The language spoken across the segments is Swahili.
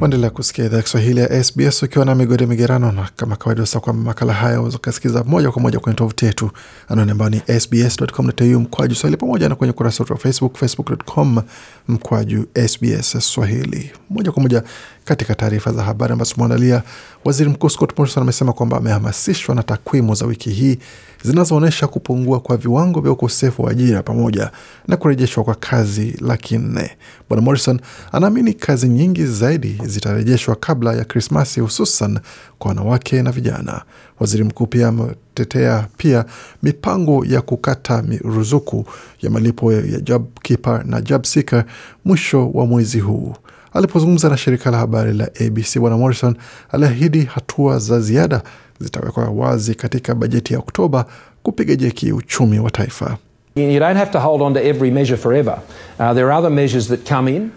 Waendelea kusikia idhaa ya Kiswahili ya SBS ukiwa na migodi migerano, na kama kawaida sa kwa makala haya waweza ukasikiza moja kwa moja kwenye tovuti yetu anaone ambao ni sbs.com.au mkwaju swahili, pamoja na kwenye ukurasa wetu wa Facebook facebook.com mkwaju SBS Swahili. Moja kwa moja katika taarifa za habari ambazo tumeandalia, waziri mkuu Scott Morrison amesema kwamba amehamasishwa na takwimu za wiki hii zinazoonyesha kupungua kwa viwango vya ukosefu wa ajira pamoja na kurejeshwa kwa kazi laki nne. Bwana Morrison anaamini kazi nyingi zaidi zitarejeshwa kabla ya Krismasi, hususan kwa wanawake na vijana. Waziri mkuu pia ametetea pia mipango ya kukata ruzuku ya malipo ya JobKeeper na JobSeeker mwisho wa mwezi huu. Alipozungumza na shirika la habari la ABC, Bwana Morrison aliahidi hatua za ziada zitawekwa wazi katika bajeti ya Oktoba kupiga jeki uchumi wa taifa. Uh,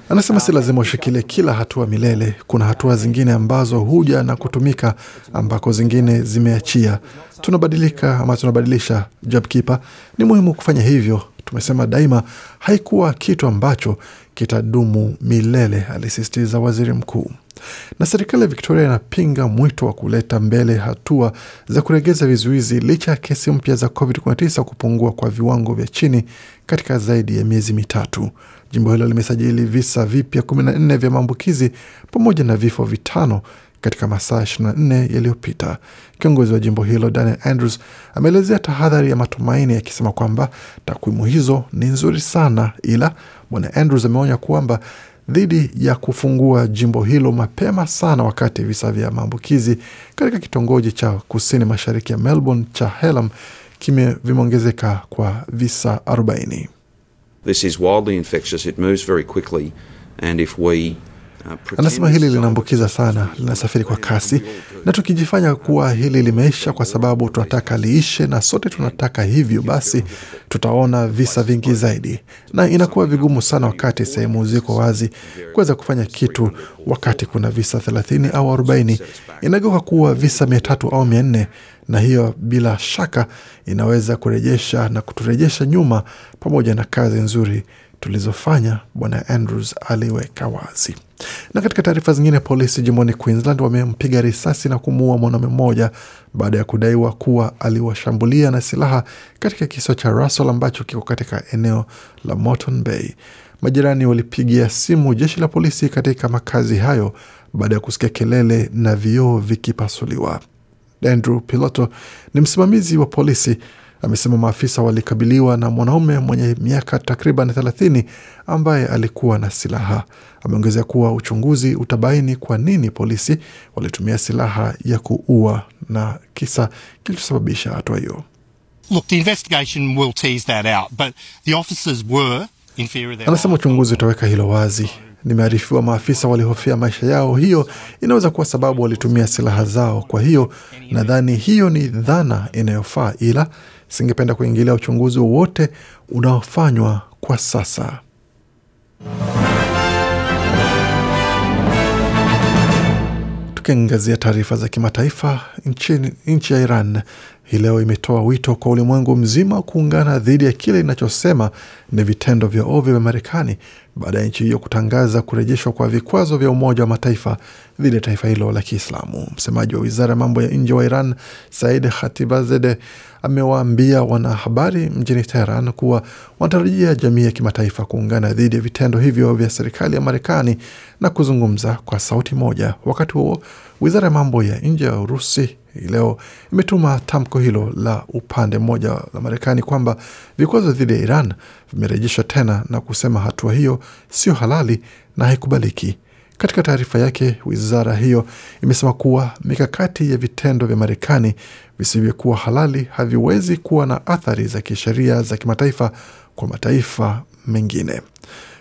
Anasema si lazima ushikilie kila hatua milele. Kuna hatua zingine ambazo huja na kutumika, ambako zingine zimeachia. Tunabadilika ama tunabadilisha JobKeeper. Ni muhimu kufanya hivyo tumesema daima haikuwa kitu ambacho kitadumu milele, alisisitiza waziri mkuu. Na serikali ya Viktoria inapinga mwito wa kuleta mbele hatua za kuregeza vizuizi licha ya kesi mpya za COVID-19 kupungua kwa viwango vya chini katika zaidi ya miezi mitatu. Jimbo hilo limesajili visa vipya 14 vya maambukizi pamoja na vifo vitano katika masaa 24 yaliyopita. Kiongozi wa jimbo hilo Daniel Andrews ameelezea tahadhari ya matumaini akisema kwamba takwimu hizo ni nzuri sana, ila bwana Andrews ameonya kwamba dhidi ya kufungua jimbo hilo mapema sana wakati visa vya maambukizi katika kitongoji cha kusini mashariki ya Melbourne cha Helam vimeongezeka kwa visa 40. This is wildly infectious. It moves very quickly and if we Uh, Anasema hili linaambukiza sana, linasafiri kwa kasi, na tukijifanya kuwa hili limeisha kwa sababu tunataka liishe na sote tunataka hivyo, basi tutaona visa vingi zaidi, na inakuwa vigumu sana wakati sehemu ziko wazi kuweza kufanya kitu. Wakati kuna visa thelathini au arobaini inageuka kuwa visa mia tatu au mia nne na hiyo bila shaka inaweza kurejesha na kuturejesha nyuma, pamoja na kazi nzuri tulizofanya, Bwana Andrews aliweka wazi. Na katika taarifa zingine, polisi jimboni Queensland wamempiga risasi na kumuua mwanaume mmoja baada ya kudaiwa kuwa aliwashambulia na silaha katika kisa cha Russell ambacho kiko katika eneo la Moreton Bay. Majirani walipigia simu jeshi la polisi katika makazi hayo baada ya kusikia kelele na vioo vikipasuliwa. Andrew Piloto ni msimamizi wa polisi amesema maafisa walikabiliwa na mwanaume mwenye miaka takriban thelathini ambaye alikuwa na silaha. Ameongezea kuwa uchunguzi utabaini kwa nini polisi walitumia silaha ya kuua na kisa kilichosababisha hatua hiyo. Anasema uchunguzi utaweka hilo wazi. Nimearifiwa maafisa walihofia maisha yao, hiyo inaweza kuwa sababu walitumia silaha zao. Kwa hiyo nadhani hiyo ni dhana inayofaa, ila singependa kuingilia uchunguzi wowote unaofanywa kwa sasa. Tukiangazia taarifa za kimataifa, nchi ya Iran hii leo imetoa wito kwa ulimwengu mzima kuungana dhidi ya kile inachosema ni vitendo vya ovyo vya Marekani baada ya nchi hiyo kutangaza kurejeshwa kwa vikwazo vya Umoja wa Mataifa dhidi ya taifa hilo la Kiislamu. Msemaji wa wizara ya mambo ya nje wa Iran Said Khatibzadeh amewaambia wanahabari mjini Teheran kuwa wanatarajia jamii ya kimataifa kuungana dhidi ya vitendo hivyo vya serikali ya Marekani na kuzungumza kwa sauti moja. Wakati huo, wizara ya mambo ya nje ya Urusi leo imetuma tamko hilo la upande mmoja la Marekani kwamba vikwazo dhidi ya Iran vimerejeshwa tena na kusema hatua hiyo sio halali na haikubaliki. Katika taarifa yake, wizara hiyo imesema kuwa mikakati ya vitendo vya Marekani visivyokuwa halali haviwezi kuwa na athari za kisheria za kimataifa kwa mataifa mengine.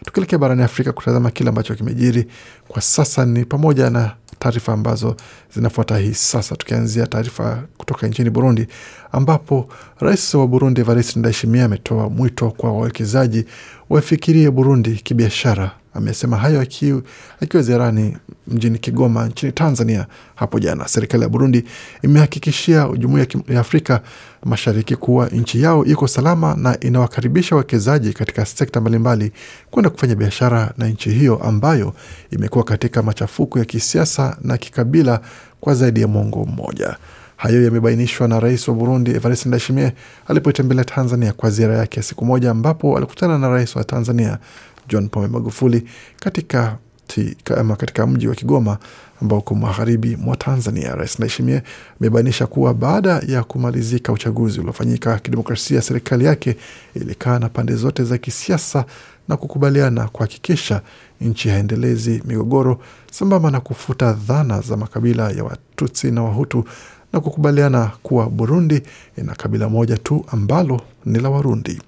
Tukielekea barani Afrika kutazama kile ambacho kimejiri kwa sasa, ni pamoja na taarifa ambazo zinafuata hii sasa, tukianzia taarifa kutoka nchini Burundi ambapo rais wa Burundi Evariste Ndayishimiye ametoa mwito kwa wawekezaji wafikirie Burundi kibiashara amesema hayo akiwa aki ziarani mjini Kigoma nchini Tanzania hapo jana. Serikali ya Burundi imehakikishia jumuiya ya Afrika Mashariki kuwa nchi yao iko salama na inawakaribisha wawekezaji katika sekta mbalimbali kwenda kufanya biashara na nchi hiyo ambayo imekuwa katika machafuko ya kisiasa na kikabila kwa zaidi ya mwongo mmoja. Hayo yamebainishwa na rais wa Burundi Evariste Ndayishimiye alipoitembelea Tanzania kwa ziara yake ya siku moja, ambapo alikutana na rais wa Tanzania John Pombe Magufuli katika ama katika mji wa Kigoma ambao uko magharibi mwa Tanzania. Rais Ndayishimiye amebainisha kuwa baada ya kumalizika uchaguzi uliofanyika kidemokrasia, serikali yake ilikaa na pande zote za kisiasa na kukubaliana kuhakikisha nchi haendelezi migogoro, sambamba na kufuta dhana za makabila ya Watutsi na Wahutu na kukubaliana kuwa Burundi ina kabila moja tu ambalo ni la Warundi.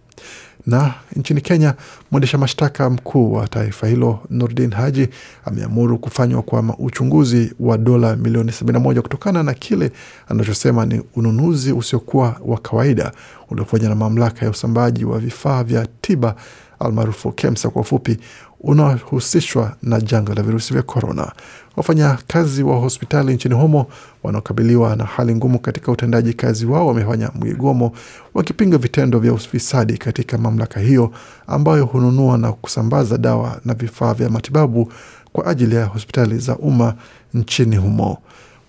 Na nchini Kenya, mwendesha mashtaka mkuu wa taifa hilo Nordin Haji ameamuru kufanywa kwa uchunguzi wa dola milioni 71 kutokana na kile anachosema ni ununuzi usiokuwa wa kawaida uliofanywa na mamlaka ya usambaji wa vifaa vya tiba almaarufu KEMSA kwa ufupi, unaohusishwa na janga la virusi vya korona. Wafanyakazi wa hospitali nchini humo wanaokabiliwa na hali ngumu katika utendaji kazi wao wamefanya mgigomo wakipinga vitendo vya ufisadi katika mamlaka hiyo ambayo hununua na kusambaza dawa na vifaa vya matibabu kwa ajili ya hospitali za umma nchini humo.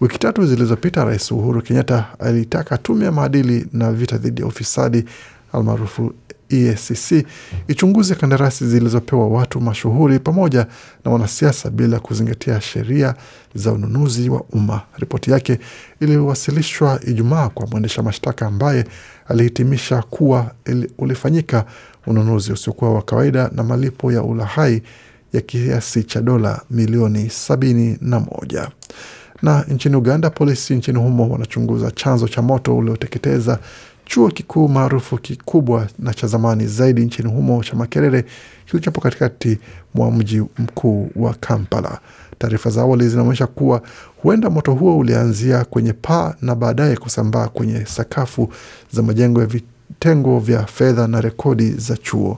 Wiki tatu zilizopita, Rais Uhuru Kenyatta alitaka tume ya maadili na vita dhidi ya ufisadi almaarufu EACC ichunguze kandarasi zilizopewa watu mashuhuri pamoja na wanasiasa bila kuzingatia sheria za ununuzi wa umma. Ripoti yake iliwasilishwa Ijumaa kwa mwendesha mashtaka ambaye alihitimisha kuwa ulifanyika ununuzi usiokuwa wa kawaida na malipo ya ulahai ya kiasi cha dola milioni sabini na moja. Na nchini Uganda, polisi nchini humo wanachunguza chanzo cha moto ulioteketeza Chuo kikuu maarufu kikubwa na cha zamani zaidi nchini humo cha Makerere kilichopo katikati mwa mji mkuu wa Kampala. Taarifa za awali zinaonyesha kuwa huenda moto huo ulianzia kwenye paa na baadaye kusambaa kwenye sakafu za majengo ya vitengo vya fedha na rekodi za chuo.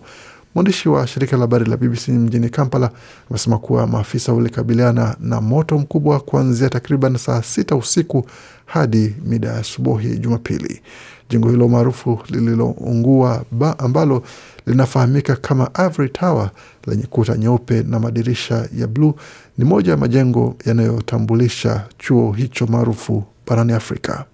Mwandishi wa shirika la habari la BBC mjini Kampala amesema kuwa maafisa walikabiliana na moto mkubwa kuanzia takriban saa sita usiku hadi mida ya asubuhi Jumapili. Jengo hilo maarufu lililoungua ambalo linafahamika kama Ivory Tower lenye kuta nyeupe na madirisha ya bluu ni moja ya majengo yanayotambulisha chuo hicho maarufu barani Afrika.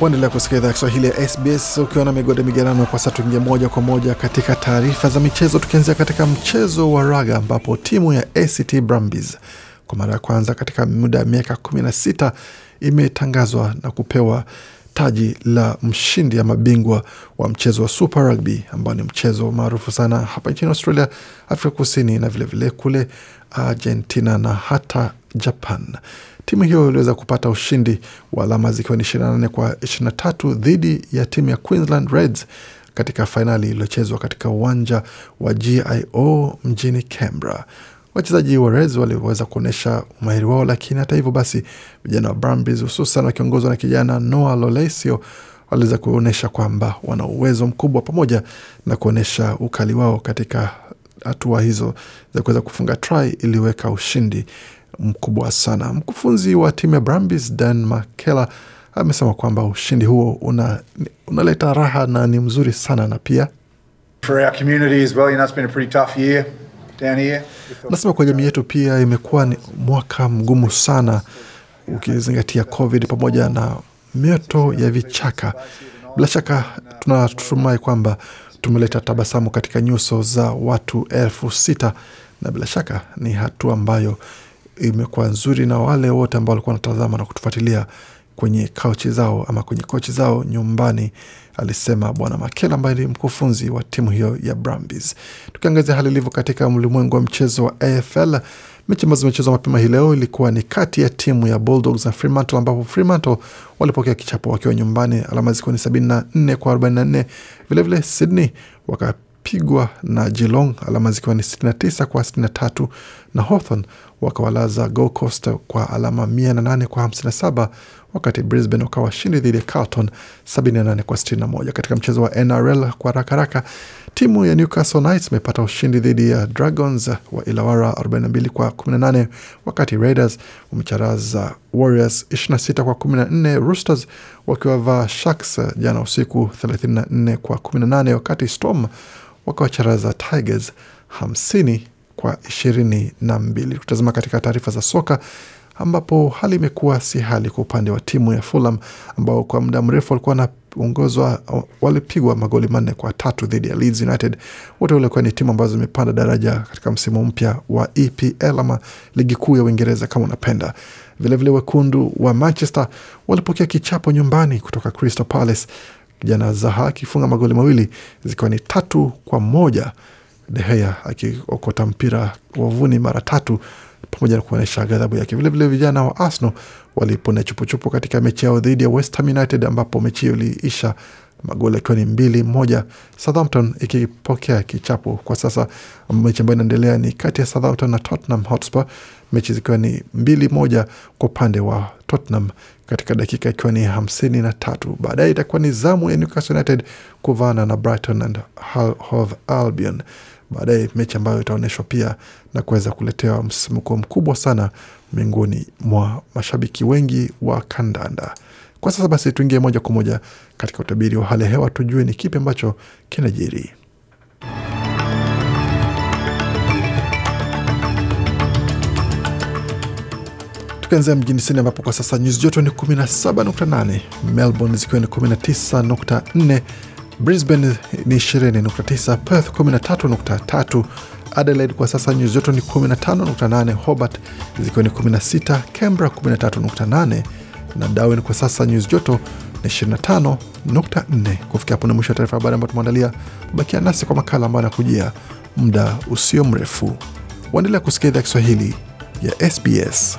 Waendelea kusikia idhaa ya Kiswahili ya SBS ukiwa na migode migerano. Kwa sasa tuingia moja kwa moja katika taarifa za michezo, tukianzia katika mchezo wa raga ambapo timu ya ACT Brumbies kwa mara ya kwanza katika muda ya miaka 16 imetangazwa na kupewa taji la mshindi ya mabingwa wa mchezo wa Super Rugby ambao ni mchezo maarufu sana hapa nchini Australia, Afrika Kusini na vilevile vile kule Argentina na hata Japan. Timu hiyo iliweza kupata ushindi wa alama zikiwa ni 24 kwa 23 dhidi ya timu ya Queensland Reds katika fainali iliyochezwa katika uwanja wa GIO mjini Canberra. Wachezaji wa Reds waliweza kuonyesha umahiri wao, lakini hata hivyo basi vijana wa Brumbies hususan wakiongozwa na kijana Noah Lolesio waliweza kuonyesha kwamba wana uwezo mkubwa pamoja na kuonyesha ukali wao katika hatua hizo za kuweza kufunga try iliweka ushindi mkubwa sana. Mkufunzi wa timu ya Brambis Dan Makela amesema kwamba ushindi huo una, unaleta raha na ni mzuri sana na pia nasema kwa jamii yetu pia imekuwa ni mwaka mgumu sana ukizingatia COVID pamoja na mioto ya vichaka. Bila shaka tunatumai kwamba tumeleta tabasamu katika nyuso za watu elfu sita na bila shaka ni hatua ambayo imekuwa nzuri na wale wote ambao walikuwa wanatazama na kutufuatilia kwenye kauchi zao ama kwenye kochi zao nyumbani, alisema Bwana Makela ambaye ni mkufunzi wa timu hiyo ya Brumbies. Tukiangazia hali ilivyo katika ulimwengu wa mchezo wa AFL, mechi ambazo zimechezwa mapema hii leo ilikuwa ni kati ya timu ya Bulldogs na Fremantle, ambapo Fremantle walipokea kichapo wakiwa nyumbani, alama zikiwa ni 74 kwa 44. Vilevile Sydney waka kupigwa na Geelong alama zikiwa ni 69 kwa 63 na Hawthorn wakawalaza Gold Coast kwa alama 108 kwa 57, wakati Brisbane wakawa washindi dhidi ya Carlton 78 kwa 61. Katika mchezo wa NRL kwa rakaraka, timu ya Newcastle Knights imepata ushindi dhidi ya Dragons wa Illawarra 42 kwa 18, wakati Raiders wamecharaza Warriors 26 kwa 14, Roosters wakiwavaa Sharks jana usiku 34 kwa 18, wakati Storm wakawacharaza za Tigers 50 kwa 22. Kutazama katika taarifa za soka ambapo hali imekuwa si hali kwa upande wa timu ya Fulham ambao kwa muda mrefu walikuwa wanaongozwa, walipigwa magoli manne kwa tatu dhidi ya Leeds United. Wote walikuwa ni timu ambazo zimepanda daraja katika msimu mpya wa EPL ama ligi kuu ya Uingereza kama unapenda. Vilevile wekundu wa Manchester walipokea kichapo nyumbani kutoka Crystal Palace kijana Zaha akifunga magoli mawili zikiwa ni tatu kwa moja. Deheya akiokota mpira wavuni mara tatu pamoja na kuonyesha ghadhabu yake. Vilevile vijana wa Arsenal walipona chupuchupu katika mechi yao dhidi ya West Ham United ambapo mechi hiyo iliisha magoli akiwa ni mbili moja, Southampton ikipokea kichapo kwa sasa. Mechi ambayo inaendelea ni kati ya Southampton na Tottenham Hotspur, mechi zikiwa ni mbili moja kwa upande wa Tottenham katika dakika ikiwa ni hamsini na tatu. Baadaye itakuwa ni zamu ya Newcastle United kuvana na Brighton and Hove Albion baadaye, mechi ambayo itaonyeshwa pia na kuweza kuletewa msisimko mkubwa sana miongoni mwa mashabiki wengi wa kandanda. Kwa sasa basi, tuingie moja kwa moja katika utabiri wa hali ya hewa, tujue ni kipi ambacho kinajiri. Tukianzia mjini Sydney ambapo kwa sasa nyuzi joto ni 17.8, Melbourne zikiwa ni 19.4, Brisbane ni 20.9, Perth 13.3, Adelaide kwa sasa nyuzi joto ni 15.8, Hobart zikiwa ni 16, Canberra 13.8 na Darwin kwa sasa nyuzi joto ni 25.4. Kufikia hapo ni mwisho wa taarifa habari ambayo tumeandalia. Bakia nasi kwa makala ambayo anakujia muda usio mrefu. Waendelea kusikia idhaa Kiswahili ya SBS.